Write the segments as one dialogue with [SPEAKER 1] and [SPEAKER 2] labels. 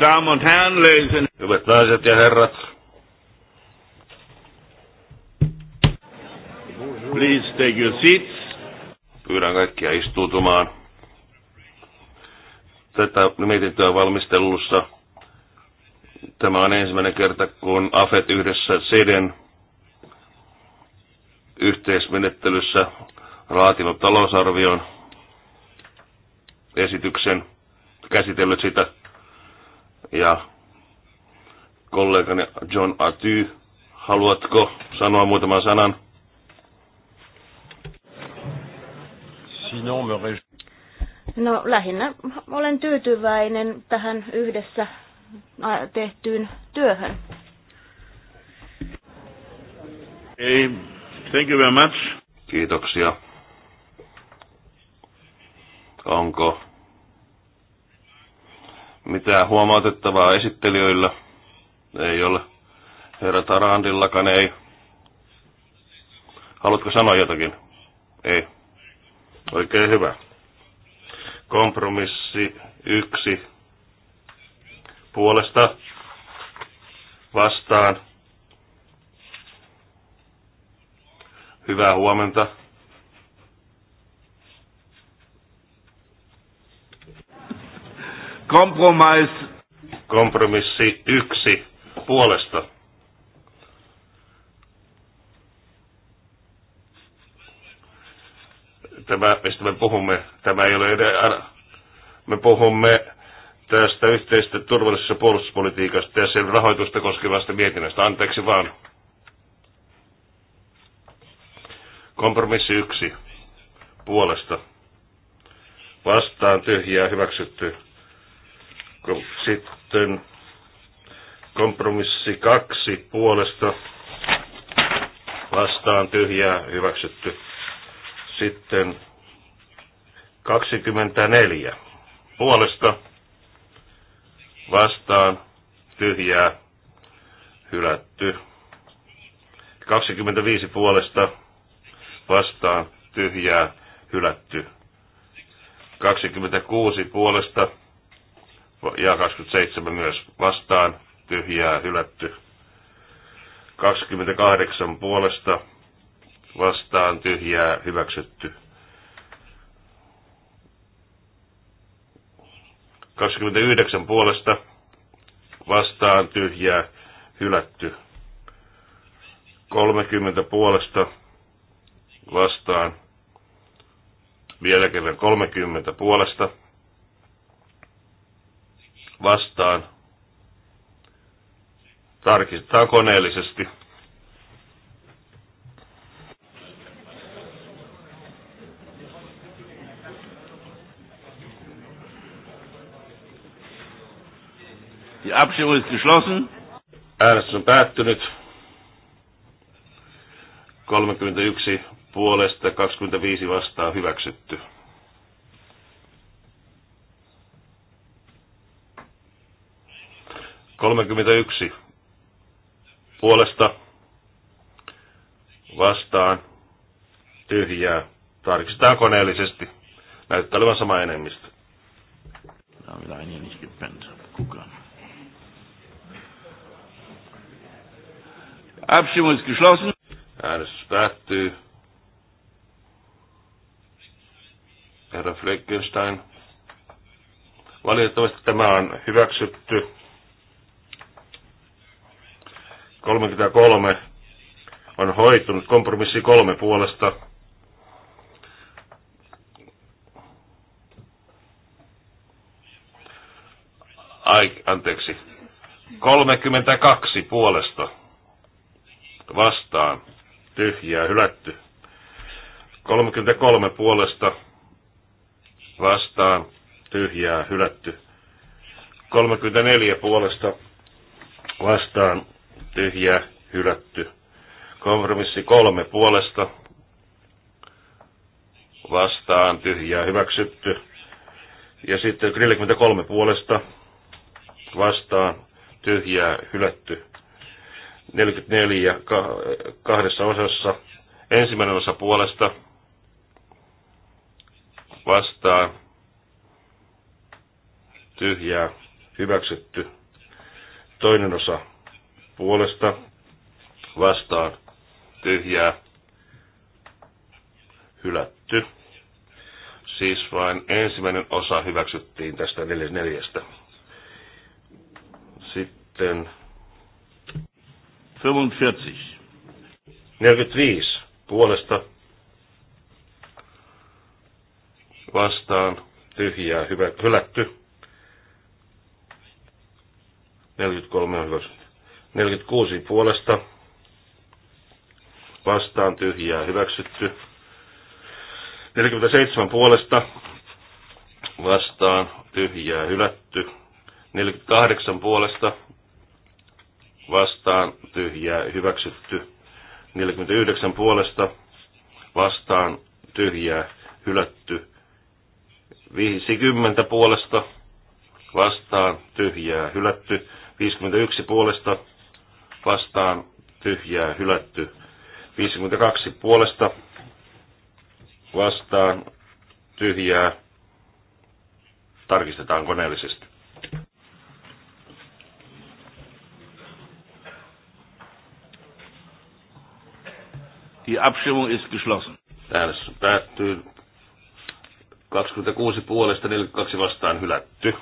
[SPEAKER 1] Damen und Herren, Hyvät naiset ja herrat. Please take your seats. Pyydän kaikkia istuutumaan. Tätä mietintöä valmistelussa. Tämä on ensimmäinen kerta, kun AFET yhdessä SEDEN yhteismenettelyssä laatinut talousarvion esityksen, käsitellyt sitä, ja kollegani John Aty, haluatko sanoa muutaman sanan?
[SPEAKER 2] No lähinnä olen tyytyväinen tähän yhdessä tehtyyn työhön.
[SPEAKER 1] Ei Thank you very much. Kiitoksia. Onko mitään huomautettavaa esittelijöillä? Ei ole. Herra Tarandillakaan ei. Haluatko sanoa jotakin? Ei. Oikein hyvä. Kompromissi yksi puolesta vastaan Hyvää huomenta. Kompromis. Kompromissi yksi puolesta. Tämä, mistä me puhumme, tämä ei ole edes, me puhumme tästä yhteistä turvallisessa puolustuspolitiikasta ja sen rahoitusta koskevasta mietinnöstä. Anteeksi vaan. Kompromissi yksi puolesta. Vastaan tyhjää hyväksytty. Sitten kompromissi kaksi puolesta. Vastaan tyhjää hyväksytty. Sitten 24 puolesta. Vastaan tyhjää hylätty. 25 puolesta vastaan tyhjää hylätty. 26 puolesta ja 27 myös vastaan tyhjää hylätty. 28 puolesta vastaan tyhjää hyväksytty. 29 puolesta vastaan tyhjää hylätty. 30 puolesta vastaan. Vielä kerran 30 puolesta vastaan. Tarkistetaan koneellisesti. Die Abstimmung ist geschlossen. Äänestys on päättynyt. 31 puolesta 25 vastaan hyväksytty. yksi puolesta vastaan tyhjää. Tarkistetaan koneellisesti. Näyttää olevan sama enemmistö. Tämä on niin kukaan. Äänestys päättyy. herra Fleckenstein. Valitettavasti tämä on hyväksytty. 33 on hoitunut kompromissi kolme puolesta. Ai, anteeksi. 32 puolesta vastaan. Tyhjää, hylätty. 33 puolesta vastaan tyhjää hylätty. 34 puolesta vastaan tyhjää hylätty. Kompromissi kolme puolesta vastaan tyhjää hyväksytty. Ja sitten 43 puolesta vastaan tyhjää hylätty. 44 kahdessa osassa. Ensimmäinen osa puolesta Vastaa tyhjää hyväksytty. Toinen osa puolesta vastaan tyhjää hylätty. Siis vain ensimmäinen osa hyväksyttiin tästä neljästä. Sitten 45. 45 puolesta vastaan tyhjää hyvä, hylätty. 43 on hyväksytty. 46 puolesta vastaan tyhjää hyväksytty. 47 puolesta vastaan tyhjää hylätty. 48 puolesta vastaan tyhjää hyväksytty. 49 puolesta vastaan tyhjää hylätty. 50 puolesta vastaan tyhjää hylätty. 51 puolesta vastaan tyhjää hylätty. 52 puolesta vastaan tyhjää tarkistetaan koneellisesti. Die Abstimmung ist geschlossen. Äänestys päättyy. 26 puolesta 42 vastaan hylätty.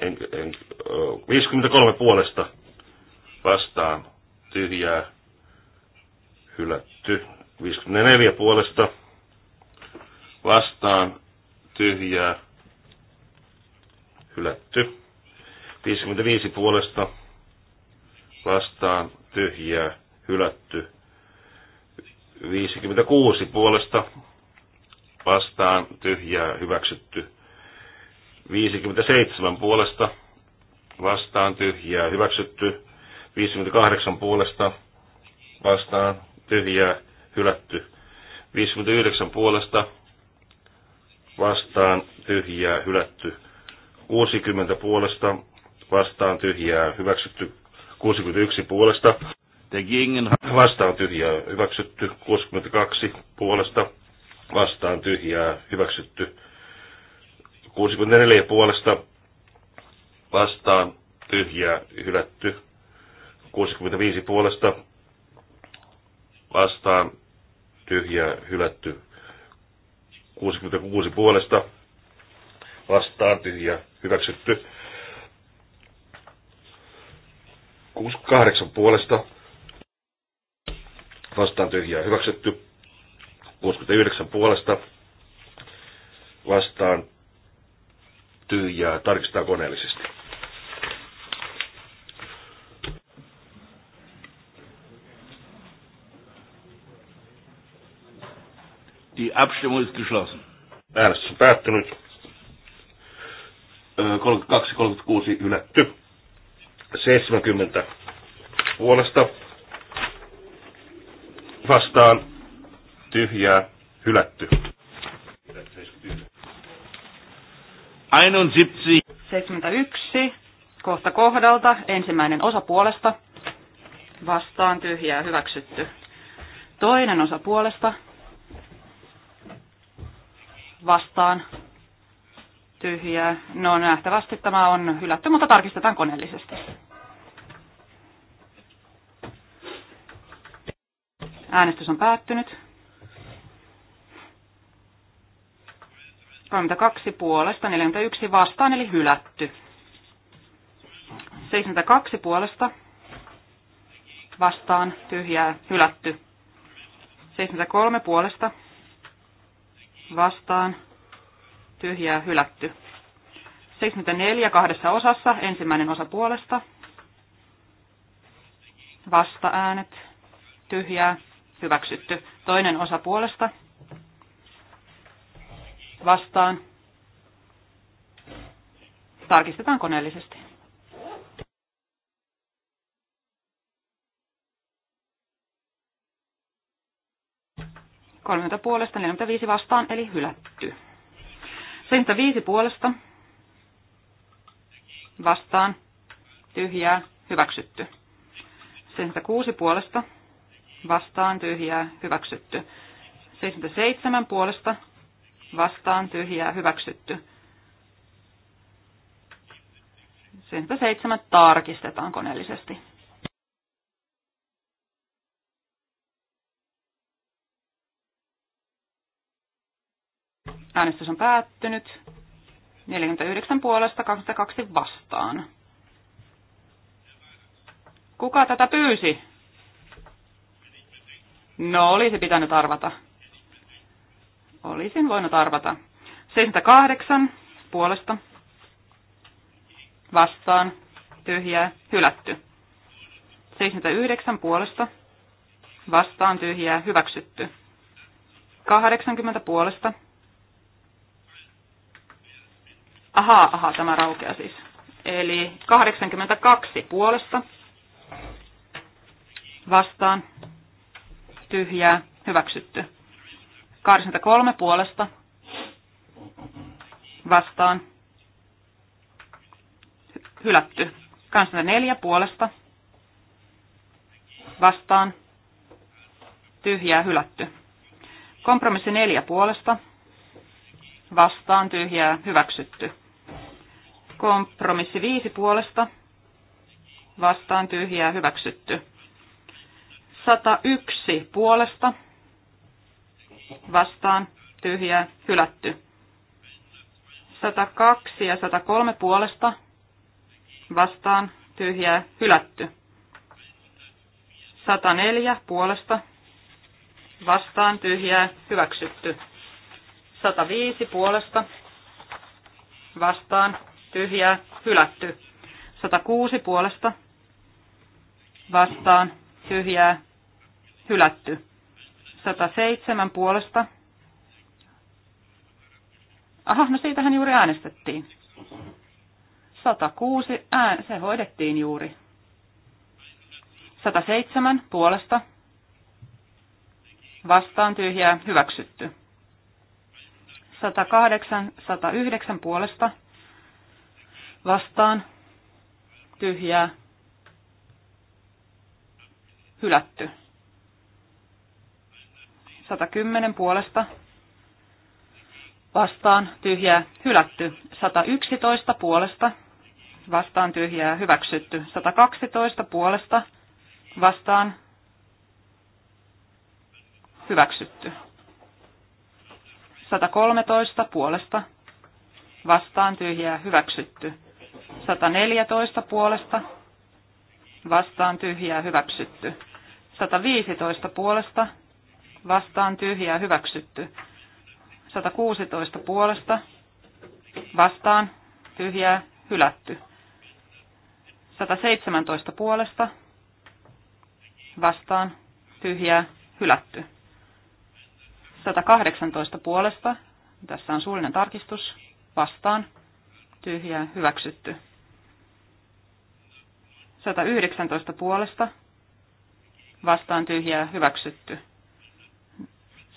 [SPEAKER 1] en, en, 53 puolesta vastaan tyhjää hylätty. 54 puolesta vastaan tyhjää hylätty. 55 puolesta vastaan tyhjää hylätty hylätty. 56 puolesta vastaan tyhjää hyväksytty. 57 puolesta vastaan tyhjää hyväksytty. 58 puolesta vastaan tyhjää hylätty. 59 puolesta vastaan tyhjää hylätty. 60 puolesta vastaan tyhjää hyväksytty. 61 puolesta Dagegen vastaan tyhjää hyväksytty. 62 puolesta vastaan tyhjää hyväksytty. 64 puolesta vastaan tyhjää hylätty. 65 puolesta vastaan tyhjää hylätty. 66 puolesta vastaan tyhjä hyväksytty. 68 puolesta vastaan tyhjää hyväksytty. 69 puolesta vastaan tyhjää tarkistaa koneellisesti. Die Abstimmung ist geschlossen. Äänestys on päättynyt. 32-36 hylätty. 70 puolesta vastaan tyhjää hylätty. 71. 71.
[SPEAKER 2] Kohta kohdalta ensimmäinen osa puolesta vastaan tyhjää hyväksytty. Toinen osa puolesta vastaan tyhjää. No nähtävästi tämä on hylätty, mutta tarkistetaan koneellisesti.
[SPEAKER 1] Äänestys on päättynyt.
[SPEAKER 2] 32 puolesta, 41 vastaan, eli hylätty. 72 puolesta vastaan, tyhjää, hylätty. 73 puolesta vastaan, tyhjää, hylätty. 74 kahdessa osassa, ensimmäinen osa puolesta, äänet tyhjää, hyväksytty. Toinen osa puolesta vastaan. Tarkistetaan koneellisesti. Kolmenta puolesta, 45 vastaan, eli hylätty. 75 puolesta vastaan, tyhjää, hyväksytty. 76 puolesta vastaan tyhjää hyväksytty. 77 puolesta vastaan tyhjää hyväksytty. 77 tarkistetaan koneellisesti. Äänestys on päättynyt. 49 puolesta 22 vastaan. Kuka tätä pyysi? No, olisi pitänyt arvata. Olisin voinut arvata. 78 puolesta vastaan tyhjää hylätty. 79 puolesta vastaan tyhjää hyväksytty. 80 puolesta. Aha, aha, tämä raukeaa siis. Eli 82 puolesta vastaan tyhjää, hyväksytty. 83 puolesta vastaan, hylätty. 84 puolesta vastaan, tyhjää, hylätty. Kompromissi 4 puolesta vastaan, tyhjää, hyväksytty. Kompromissi 5 puolesta vastaan, tyhjää, hyväksytty. 101 puolesta vastaan tyhjää hylätty. 102 ja 103 puolesta vastaan tyhjää hylätty. 104 puolesta vastaan tyhjää hyväksytty. 105 puolesta vastaan tyhjää hylätty. 106 puolesta vastaan tyhjää hylätty. 107 puolesta. Aha, no siitähän juuri äänestettiin. 106, ään, se hoidettiin juuri. 107 puolesta. Vastaan tyhjää, hyväksytty. 108, 109 puolesta. Vastaan tyhjää, hylätty. 110 puolesta vastaan tyhjää hylätty. 111 puolesta vastaan tyhjää hyväksytty. 112 puolesta vastaan hyväksytty. 113 puolesta vastaan tyhjää hyväksytty. 114 puolesta vastaan tyhjää hyväksytty. 115 puolesta vastaan tyhjää hyväksytty. 116 puolesta vastaan tyhjää hylätty. 117 puolesta vastaan tyhjää hylätty. 118 puolesta, tässä on suullinen tarkistus, vastaan tyhjää hyväksytty. 119 puolesta, vastaan tyhjää hyväksytty.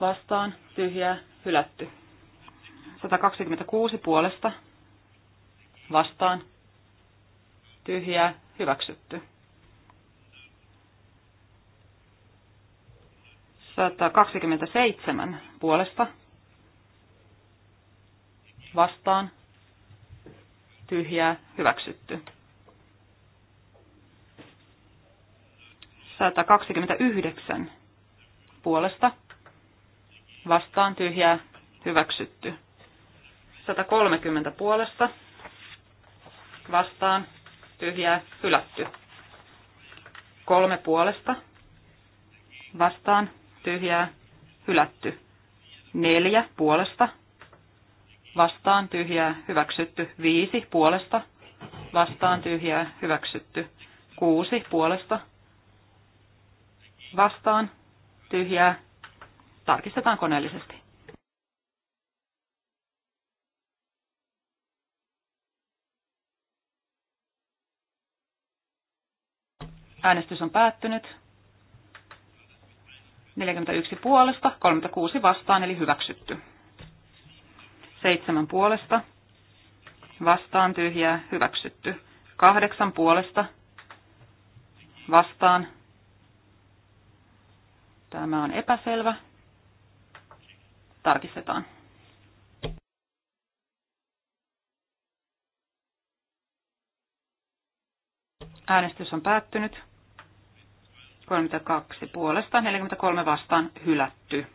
[SPEAKER 2] vastaan tyhjää hylätty. 126 puolesta vastaan tyhjää hyväksytty. 127 puolesta vastaan tyhjää hyväksytty. 129 puolesta vastaan tyhjää hyväksytty. 130 puolesta vastaan tyhjää hylätty. Kolme puolesta vastaan tyhjää hylätty. Neljä puolesta vastaan tyhjää hyväksytty. Viisi puolesta vastaan tyhjää hyväksytty. Kuusi puolesta vastaan tyhjää tarkistetaan koneellisesti. Äänestys on päättynyt. 41 puolesta, 36 vastaan, eli hyväksytty. 7 puolesta, vastaan tyhjää, hyväksytty. 8 puolesta, vastaan. Tämä on epäselvä tarkistetaan. Äänestys on päättynyt. 32 puolesta, 43 vastaan hylätty.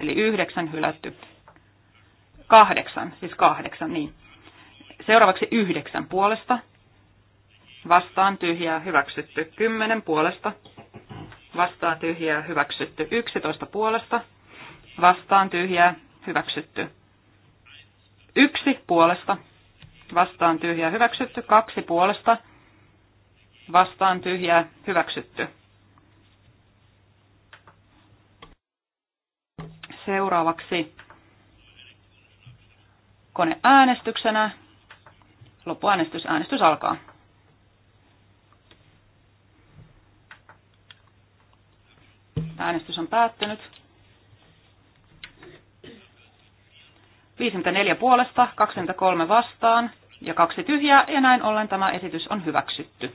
[SPEAKER 2] Eli yhdeksän hylätty. Kahdeksan, siis kahdeksan, niin. Seuraavaksi yhdeksän puolesta vastaan tyhjää hyväksytty 10 puolesta, vastaan tyhjää hyväksytty 11 puolesta, vastaan tyhjää hyväksytty 1 puolesta, vastaan tyhjää hyväksytty 2 puolesta, vastaan tyhjää hyväksytty. Seuraavaksi koneäänestyksenä. Loppuäänestys. Äänestys alkaa. Äänestys on päättynyt. 54 puolesta, 23 vastaan ja kaksi tyhjää, ja näin ollen tämä esitys on hyväksytty.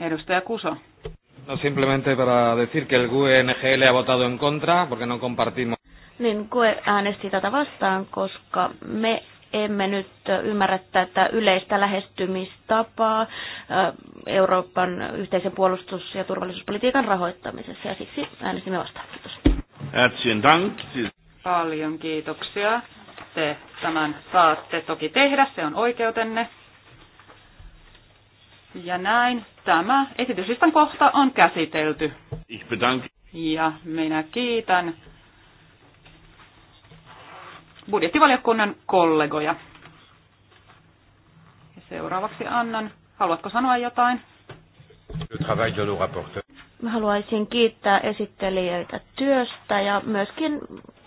[SPEAKER 2] Edustaja Kuso. No simplemente para decir que el GUNGL e ha votado en contra porque no compartimos. Niin, GUE äänesti tätä vastaan, koska me emme nyt ymmärrä tätä yleistä lähestymistapaa äh, Euroopan yhteisen puolustus- ja turvallisuuspolitiikan rahoittamisessa ja siksi äänestimme vastaan.
[SPEAKER 1] Kiitos. Paljon
[SPEAKER 2] kiitoksia. Te tämän saatte toki tehdä, se on oikeutenne. Ja näin tämä esityslistan kohta on käsitelty. Ich Ja minä kiitän budjettivaliokunnan kollegoja. Ja seuraavaksi annan. Haluatko sanoa jotain? Mä haluaisin kiittää esittelijöitä työstä ja myöskin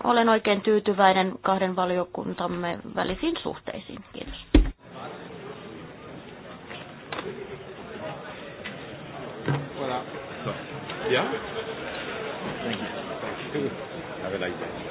[SPEAKER 2] olen oikein tyytyväinen kahden valiokuntamme välisiin suhteisiin. Kiitos.
[SPEAKER 1] Voilà. Bien. Thank you. Have